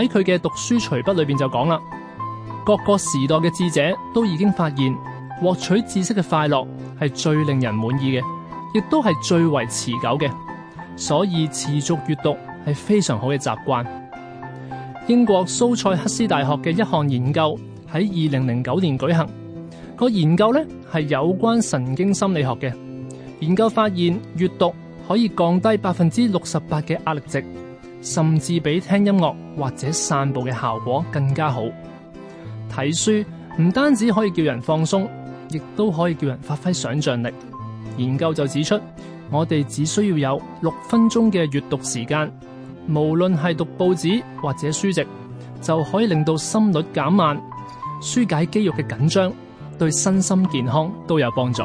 喺佢嘅讀書隨筆裏邊就講啦，各個時代嘅智者都已經發現，獲取知識嘅快樂係最令人滿意嘅，亦都係最為持久嘅。所以持續閱讀係非常好嘅習慣。英國蘇塞克斯大學嘅一項研究喺二零零九年舉行，個研究呢係有關神經心理學嘅。研究發現，閱讀可以降低百分之六十八嘅壓力值。甚至比聽音樂或者散步嘅效果更加好。睇書唔單止可以叫人放鬆，亦都可以叫人發揮想象力。研究就指出，我哋只需要有六分鐘嘅閱讀時間，無論係讀報紙或者書籍，就可以令到心率減慢、舒解肌肉嘅緊張，對身心健康都有幫助。